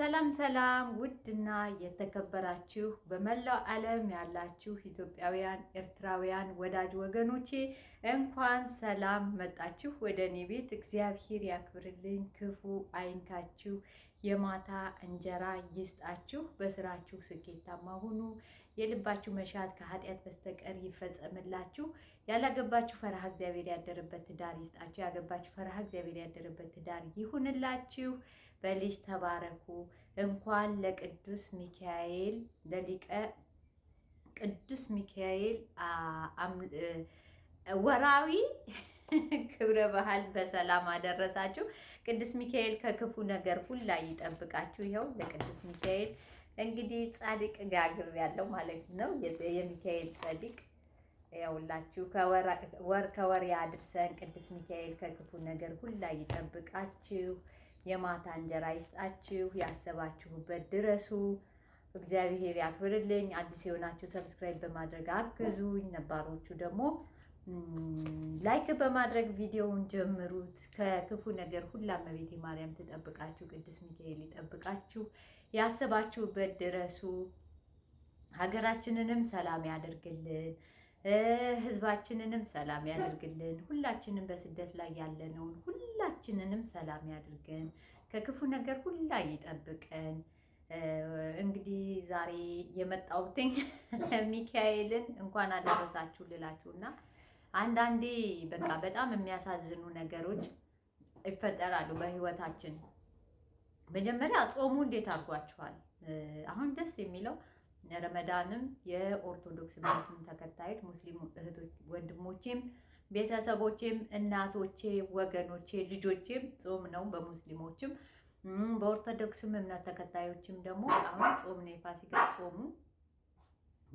ሰላም ሰላም! ውድና የተከበራችሁ በመላው ዓለም ያላችሁ ኢትዮጵያውያን፣ ኤርትራውያን ወዳጅ ወገኖቼ እንኳን ሰላም መጣችሁ ወደ እኔ ቤት። እግዚአብሔር ያክብርልኝ፣ ክፉ አይንካችሁ፣ የማታ እንጀራ ይስጣችሁ፣ በስራችሁ ስኬታማ ሁኑ፣ የልባችሁ መሻት ከኃጢአት በስተቀር ይፈጸምላችሁ፣ ያላገባችሁ ፈረሃ እግዚአብሔር ያደረበት ትዳር ይስጣችሁ፣ ያገባችሁ ፈረሃ እግዚአብሔር ያደረበት ትዳር ይሁንላችሁ። በልጅ ተባረኩ። እንኳን ለቅዱስ ሚካኤል ለሊቀ ቅዱስ ሚካኤል ወራዊ ክብረ በዓል በሰላም አደረሳችሁ። ቅዱስ ሚካኤል ከክፉ ነገር ሁላ ይጠብቃችሁ። ይኸው ለቅዱስ ሚካኤል እንግዲህ ጻድቅ ጋግር ያለው ማለት ነው። የሚካኤል ጻድቅ ያውላችሁ ከወር ከወር ያድርሰን። ቅዱስ ሚካኤል ከክፉ ነገር ሁላ ይጠብቃችሁ። የማታ እንጀራ ይስጣችሁ። ያሰባችሁበት ድረሱ። እግዚአብሔር ያክብርልኝ። አዲስ የሆናችሁ ሰብስክራይብ በማድረግ አግዙኝ። ነባሮቹ ደግሞ ላይክ በማድረግ ቪዲዮውን ጀምሩት። ከክፉ ነገር ሁላ እመቤቴ ማርያም ትጠብቃችሁ፣ ቅዱስ ሚካኤል ይጠብቃችሁ። ያሰባችሁበት ድረሱ። ሀገራችንንም ሰላም ያደርግልን። ህዝባችንንም ሰላም ያደርግልን። ሁላችንም በስደት ላይ ያለነውን ሁላችንንም ሰላም ያድርገን፣ ከክፉ ነገር ሁላ ይጠብቀን። እንግዲህ ዛሬ የመጣሁትኝ ሚካኤልን እንኳን አደረሳችሁ ልላችሁና አንዳንዴ በቃ በጣም የሚያሳዝኑ ነገሮች ይፈጠራሉ በህይወታችን። መጀመሪያ ጾሙ እንዴት አድርጓችኋል? አሁን ደስ የሚለው ረመዳንም የኦርቶዶክስ እምነትን ተከታዮች ሙስሊም እህቶች ወንድሞቼም፣ ቤተሰቦቼም፣ እናቶቼ፣ ወገኖቼ፣ ልጆቼም ጾም ነው። በሙስሊሞችም በኦርቶዶክስም እምነት ተከታዮችም ደግሞ አሁን ጾም ነው። የፋሲካ ጾሙ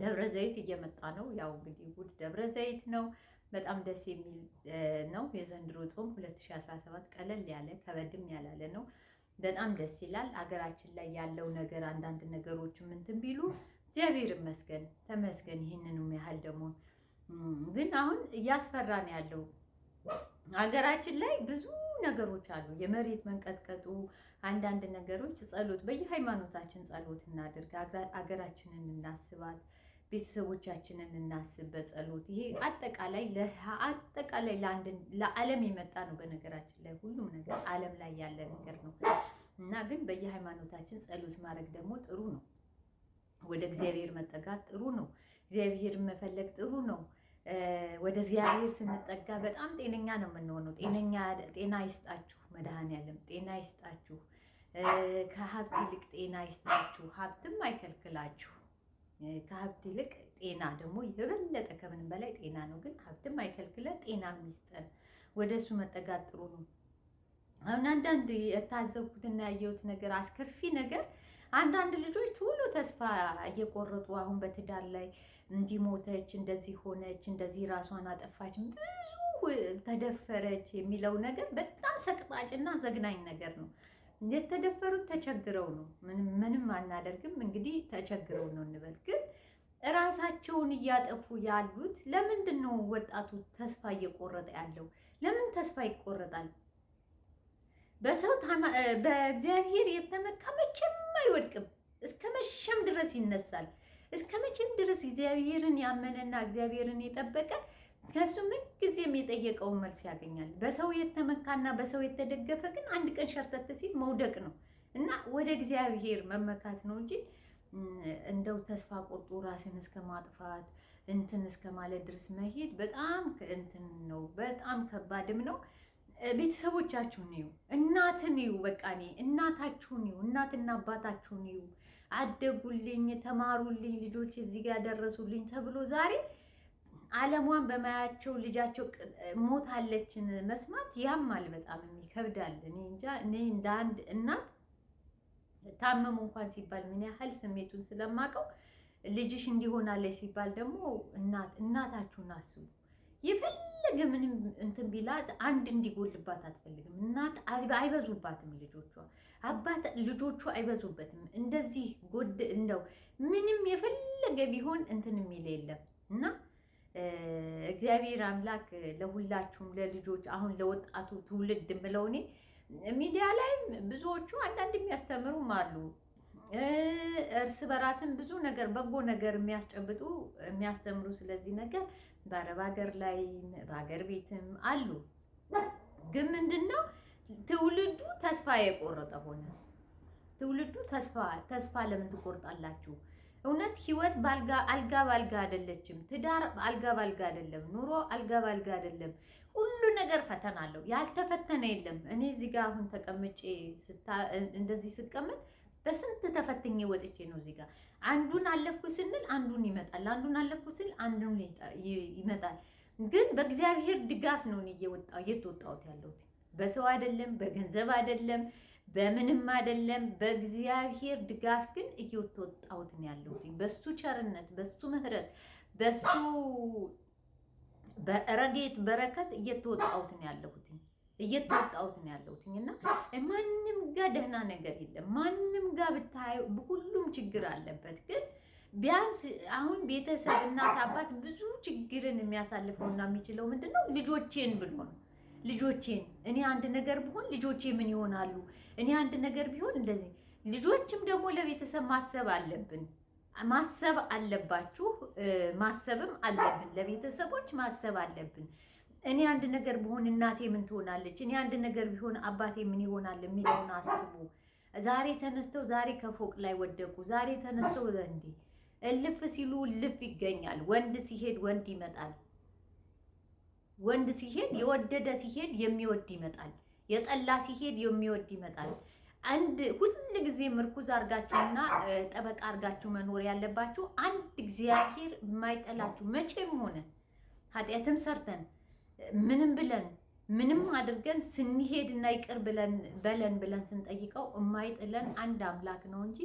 ደብረ ዘይት እየመጣ ነው። ያው እንግዲህ እሑድ ደብረ ዘይት ነው። በጣም ደስ የሚል ነው። የዘንድሮ ጾም 2017 ቀለል ያለ ከበድም ያላለ ነው። በጣም ደስ ይላል። አገራችን ላይ ያለው ነገር አንዳንድ ነገሮች ምንትን ቢሉ እግዚአብሔር ይመስገን ተመስገን። ይህንንም ያህል ደግሞ ግን አሁን እያስፈራ ነው ያለው ሀገራችን ላይ ብዙ ነገሮች አሉ። የመሬት መንቀጥቀጡ፣ አንዳንድ ነገሮች ጸሎት፣ በየሃይማኖታችን ጸሎት እናድርግ፣ አገራችንን እናስባት። ቤተሰቦቻችንን እናስብ በጸሎት። ይሄ አጠቃላይ አጠቃላይ ለዓለም የመጣ ነው። በነገራችን ላይ ሁሉም ነገር ዓለም ላይ ያለ ነገር ነው እና ግን በየሃይማኖታችን ጸሎት ማድረግ ደግሞ ጥሩ ነው። ወደ እግዚአብሔር መጠጋት ጥሩ ነው። እግዚአብሔር መፈለግ ጥሩ ነው። ወደ እግዚአብሔር ስንጠጋ በጣም ጤነኛ ነው የምንሆነው። ጤነኛ ጤና ይስጣችሁ መድኃኔዓለም፣ ጤና ይስጣችሁ። ከሀብት ይልቅ ጤና ይስጣችሁ። ሀብትም አይከልክላችሁ ከሀብት ይልቅ ጤና ደግሞ የበለጠ ከምንም በላይ ጤና ነው። ግን ሀብትም አይከልክለን፣ ጤና ሚስጠን። ወደ እሱ መጠጋት ጥሩ ነው። አሁን አንዳንድ የታዘብኩትና ያየሁት ነገር አስከፊ ነገር አንዳንድ ልጆች ቶሎ ተስፋ እየቆረጡ አሁን በትዳር ላይ እንዲሞተች እንደዚህ ሆነች እንደዚህ ራሷን አጠፋች ብዙ ተደፈረች የሚለው ነገር በጣም ሰቅጣጭና ዘግናኝ ነገር ነው። የተደፈሩት ተቸግረው ነው። ምንም አናደርግም እንግዲህ ተቸግረው ነው እንበል። ግን እራሳቸውን እያጠፉ ያሉት ለምንድን ነው? ወጣቱ ተስፋ እየቆረጠ ያለው ለምን ተስፋ ይቆረጣል? በሰው በእግዚአብሔር የተመካ መቼም አይወድቅም። እስከ መቼም ድረስ ይነሳል። እስከ መቼም ድረስ እግዚአብሔርን ያመነና እግዚአብሔርን የጠበቀ ከሱ ምን ጊዜም የጠየቀውን መልስ ያገኛል። በሰው የተመካና በሰው የተደገፈ ግን አንድ ቀን ሸርተት ሲል መውደቅ ነው እና ወደ እግዚአብሔር መመካት ነው እንጂ እንደው ተስፋ ቆርጦ ራስን እስከ ማጥፋት እንትን እስከ ማለት ድረስ መሄድ በጣም እንትን ነው፣ በጣም ከባድም ነው። ቤተሰቦቻችሁን እዩ፣ እናትን እዩ፣ በቃ እኔ እናታችሁን እዩ፣ እናትና አባታችሁን እዩ። አደጉልኝ፣ ተማሩልኝ፣ ልጆች እዚህ ጋር ደረሱልኝ ተብሎ ዛሬ አለሟን በማያቸው ልጃቸው ሞታለችን መስማት ያማል፣ በጣም ይከብዳል። እኔ እንጃ እኔ እንደ አንድ እናት ታመሙ እንኳን ሲባል ምን ያህል ስሜቱን ስለማውቀው ልጅሽ እንዲሆናለች ሲባል ደግሞ እናት እናታችሁን አስቡ። የፈለገ ምንም እንትን ቢላት አንድ እንዲጎልባት አትፈልግም እናት። አይበዙባትም ልጆቿ፣ አባት ልጆቹ አይበዙበትም። እንደዚህ ጎድ እንደው ምንም የፈለገ ቢሆን እንትን የሚል የለም እና እግዚአብሔር አምላክ ለሁላችሁም ለልጆች አሁን ለወጣቱ ትውልድ የምለው እኔ ሚዲያ ላይም ብዙዎቹ አንዳንድ የሚያስተምሩም አሉ እርስ በራስን ብዙ ነገር በጎ ነገር የሚያስጨብጡ የሚያስተምሩ ስለዚህ ነገር በአረብ ሀገር ላይ በሀገር ቤትም አሉ። ግን ምንድን ነው ትውልዱ ተስፋ የቆረጠ ሆነ። ትውልዱ ተስፋ ተስፋ ለምን ትቆርጣላችሁ? እውነት ህይወት አልጋ ባልጋ አይደለችም። ትዳር አልጋ ባልጋ አይደለም። ኑሮ አልጋ ባልጋ አይደለም። ሁሉ ነገር ፈተና አለው። ያልተፈተነ የለም። እኔ እዚህ ጋር አሁን ተቀምጬ እንደዚህ ስቀምጥ በስንት ተፈትኜ ወጥቼ ነው እዚህ ጋር። አንዱን አለፍኩ ስንል አንዱን ይመጣል፣ አንዱን አለፍኩ ስል አንዱን ይመጣል። ግን በእግዚአብሔር ድጋፍ ነው እኔ እየወጣሁ የት ያለሁት በሰው አይደለም፣ በገንዘብ አይደለም፣ በምንም አይደለም። በእግዚአብሔር ድጋፍ ግን እየወጣሁት ነው ያለሁት በሱ ቸርነት፣ በሱ ምሕረት፣ በሱ በረድኤት በረከት እየተወጣሁት ነው ያለሁት እየተወጣሁት ነው ያለሁት እና ማንም ጋር ደህና ነገር የለም። ማንም ጋር ብታዩ ሁሉም ችግር አለበት። ግን ቢያንስ አሁን ቤተሰብ እናት አባት ብዙ ችግርን የሚያሳልፈውና የሚችለው ምንድን ነው ልጆቼን ብሎ ነው ልጆቼን እኔ አንድ ነገር ብሆን ልጆቼ ምን ይሆናሉ? እኔ አንድ ነገር ቢሆን እንደዚህ። ልጆችም ደግሞ ለቤተሰብ ማሰብ አለብን፣ ማሰብ አለባችሁ፣ ማሰብም አለብን። ለቤተሰቦች ማሰብ አለብን። እኔ አንድ ነገር ብሆን እናቴ ምን ትሆናለች? እኔ አንድ ነገር ቢሆን አባቴ ምን ይሆናል? የሚለውን አስቡ። ዛሬ ተነስተው ዛሬ ከፎቅ ላይ ወደቁ፣ ዛሬ ተነስተው ዘንዴ እልፍ ሲሉ እልፍ ይገኛል። ወንድ ሲሄድ ወንድ ይመጣል። ወንድ ሲሄድ የወደደ ሲሄድ የሚወድ ይመጣል። የጠላ ሲሄድ የሚወድ ይመጣል። አንድ ሁል ጊዜ ምርኩዝ አርጋችሁና ጠበቃ አርጋችሁ መኖር ያለባችሁ አንድ እግዚአብሔር የማይጠላችሁ መቼም ሆነ ኃጢአትም ሰርተን ምንም ብለን ምንም አድርገን ስንሄድና ይቅር በለን ብለን ስንጠይቀው የማይጥለን አንድ አምላክ ነው እንጂ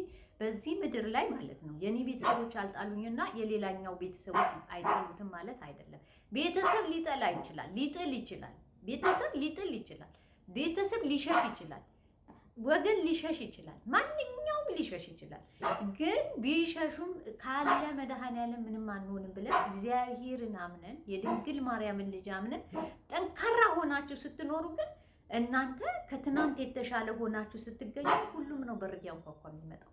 በዚህ ምድር ላይ ማለት ነው የኔ ቤተሰቦች አልጣሉኝና የሌላኛው ቤተሰቦች አይጠሉትም ማለት አይደለም። ቤተሰብ ሊጠላ ይችላል፣ ሊጥል ይችላል። ቤተሰብ ሊጥል ይችላል። ቤተሰብ ሊሸሽ ይችላል። ወገን ሊሸሽ ይችላል። ማንኛውም ሊሸሽ ይችላል። ግን ቢሸሹም ካለ ያለ ምንም አንሆንም ብለን እግዚአብሔርን አምነን የድንግል ማርያምን ልጅ አምነን ጠንካራ ሆናችሁ ስትኖሩ ግን እናንተ ከትናንት የተሻለ ሆናችሁ ስትገኙ ሁሉም ነው በር እያንኳኳ የሚመጣው።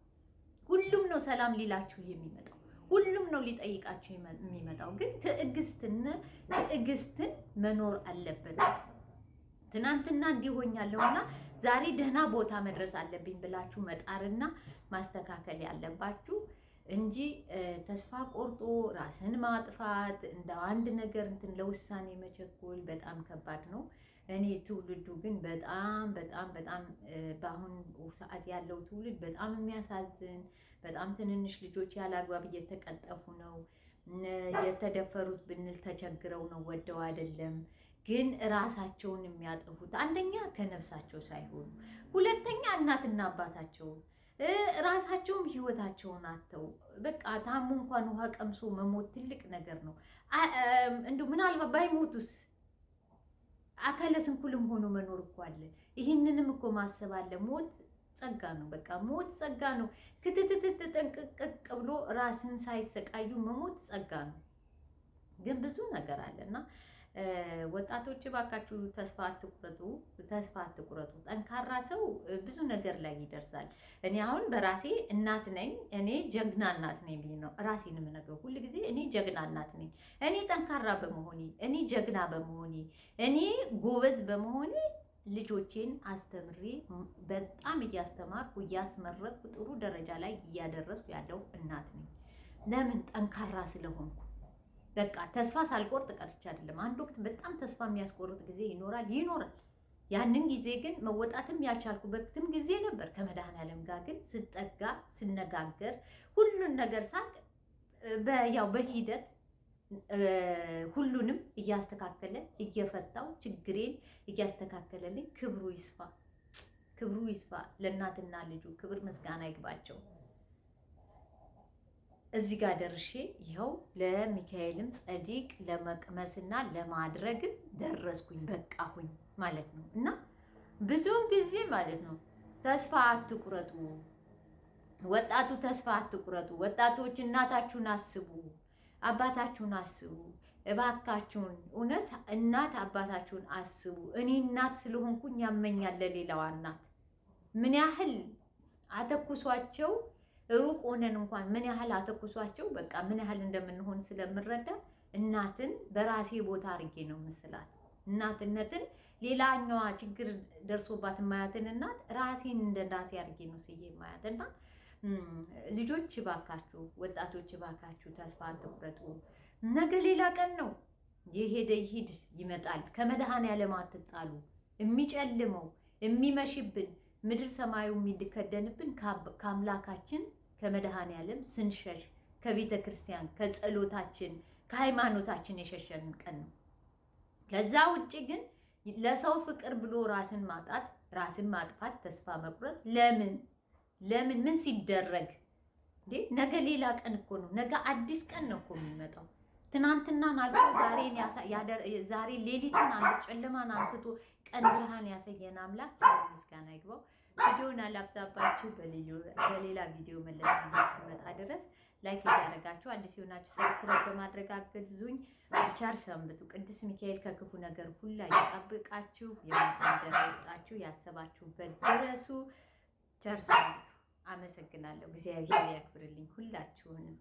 ሁሉም ነው ሰላም ሊላችሁ የሚመጣው፣ ሁሉም ነው ሊጠይቃችሁ የሚመጣው። ግን ትዕግስትን ትዕግስትን መኖር አለበት ትናንትና እንዲሆኛለሁና ዛሬ ደህና ቦታ መድረስ አለብኝ ብላችሁ መጣርና ማስተካከል ያለባችሁ እንጂ ተስፋ ቆርጦ ራስን ማጥፋት እንደ አንድ ነገር እንትን ለውሳኔ መቸኮል በጣም ከባድ ነው። እኔ ትውልዱ ግን በጣም በጣም በጣም በአሁኑ ሰዓት ያለው ትውልድ በጣም የሚያሳዝን በጣም ትንንሽ ልጆች ያለ አግባብ እየተቀጠፉ ነው። የተደፈሩት ብንል ተቸግረው ነው፣ ወደው አይደለም። ግን ራሳቸውን የሚያጠፉት አንደኛ ከነፍሳቸው ሳይሆኑ፣ ሁለተኛ እናትና አባታቸው ራሳቸውም ህይወታቸውን አተው በቃ ታሙ እንኳን ውሃ ቀምሶ መሞት ትልቅ ነገር ነው። እንዲሁ ምናልባት ባይሞቱስ አካለ ስንኩልም ሆኖ መኖር እኮ አለ። ይህንንም እኮ ማሰብ አለ። ሞት ጸጋ ነው። በቃ ሞት ጸጋ ነው። ክትትትት ጠንቅቅቅ ብሎ ራስን ሳይሰቃዩ መሞት ጸጋ ነው። ግን ብዙ ነገር አለና ወጣቶች ባካችሁ ተስፋ አትቁረጡ፣ ተስፋ አትቁረጡ። ጠንካራ ሰው ብዙ ነገር ላይ ይደርሳል። እኔ አሁን በራሴ እናት ነኝ። እኔ ጀግና እናት ነኝ ብዬ ነው ራሴን የምነግረው ሁል ጊዜ። እኔ ጀግና እናት ነኝ። እኔ ጠንካራ በመሆኔ፣ እኔ ጀግና በመሆኔ፣ እኔ ጎበዝ በመሆኔ ልጆቼን አስተምሬ በጣም እያስተማርኩ እያስመረቅኩ ጥሩ ደረጃ ላይ እያደረስኩ ያለው እናት ነኝ። ለምን? ጠንካራ ስለሆንኩ በቃ ተስፋ ሳልቆርጥ ቀርቻ አይደለም። አንድ ወቅት በጣም ተስፋ የሚያስቆርጥ ጊዜ ይኖራል ይኖራል። ያንን ጊዜ ግን መወጣትም ያልቻልኩበትም ጊዜ ነበር። ከመድኃኔዓለም ጋር ግን ስጠጋ ስነጋገር ሁሉን ነገር ሳቅ ያው በሂደት ሁሉንም እያስተካከለ እየፈታው ችግሬን እያስተካከለልኝ ክብሩ ይስፋ ክብሩ ይስፋ። ለእናትና ልጁ ክብር ምስጋና ይግባቸው። እዚህ ጋር ደርሼ ይኸው ለሚካኤልም ጸዲቅ ለመቅመስና ለማድረግም ደረስኩኝ በቃሁኝ ማለት ነው። እና ብዙውን ጊዜ ማለት ነው ተስፋ አትቁረጡ ወጣቱ፣ ተስፋ አትቁረጡ ወጣቶች፣ እናታችሁን አስቡ፣ አባታችሁን አስቡ እባካችሁን። እውነት እናት አባታችሁን አስቡ። እኔ እናት ስለሆንኩኝ ያመኛል ለሌላዋ እናት ምን ያህል አተኩሷቸው ሩቅ ሆነን እንኳን ምን ያህል አተኩሷቸው በቃ ምን ያህል እንደምንሆን ስለምረዳ እናትን በራሴ ቦታ አድርጌ ነው ምስላት። እናትነትን ሌላኛዋ ችግር ደርሶባት የማያትን እናት ራሴን እንደ ራሴ አድርጌ ነው ስዬ የማያት እና ልጆች እባካችሁ፣ ወጣቶች እባካችሁ ተስፋ አትቁረጡ። ነገ ሌላ ቀን ነው። የሄደ ይሂድ ይመጣል። ከመድኃኔዓለም አትጣሉ። የሚጨልመው የሚመሽብን ምድር ሰማዩ የሚከደንብን ከአምላካችን ከመድኃኔ ዓለም ስንሸሽ ከቤተ ክርስቲያን ከጸሎታችን ከሃይማኖታችን የሸሸንን ቀን ነው። ከዛ ውጭ ግን ለሰው ፍቅር ብሎ ራስን ማጣት፣ ራስን ማጥፋት፣ ተስፋ መቁረጥ ለምን ለምን ምን ሲደረግ እንዴ? ነገ ሌላ ቀን እኮ ነው። ነገ አዲስ ቀን ነው እኮ የሚመጣው። ትናንትና አልፎ ዛሬን ዛሬ ሌሊትን አንድ ጨለማን አንስቶ ቀን ብርሃን ያሳየን አምላክ ምስጋና ይግባው። ቪዲዮን አላብዛባችሁ። በሌላ ቪዲዮ መለስ እስክመጣ ድረስ ላይክ እያደረጋችሁ አዲስ የሆናችሁ ሰብስክራይብ በማድረግ አግዙኝ። ቸር ሰንብቱ። ቅዱስ ሚካኤል ከክፉ ነገር ሁላ ይጠብቃችሁ፣ የማንጀራ ይስጣችሁ፣ ያሰባችሁበት ድረሱ። ቸር ሰንብቱ። አመሰግናለሁ። እግዚአብሔር ያክብርልኝ ሁላችሁንም።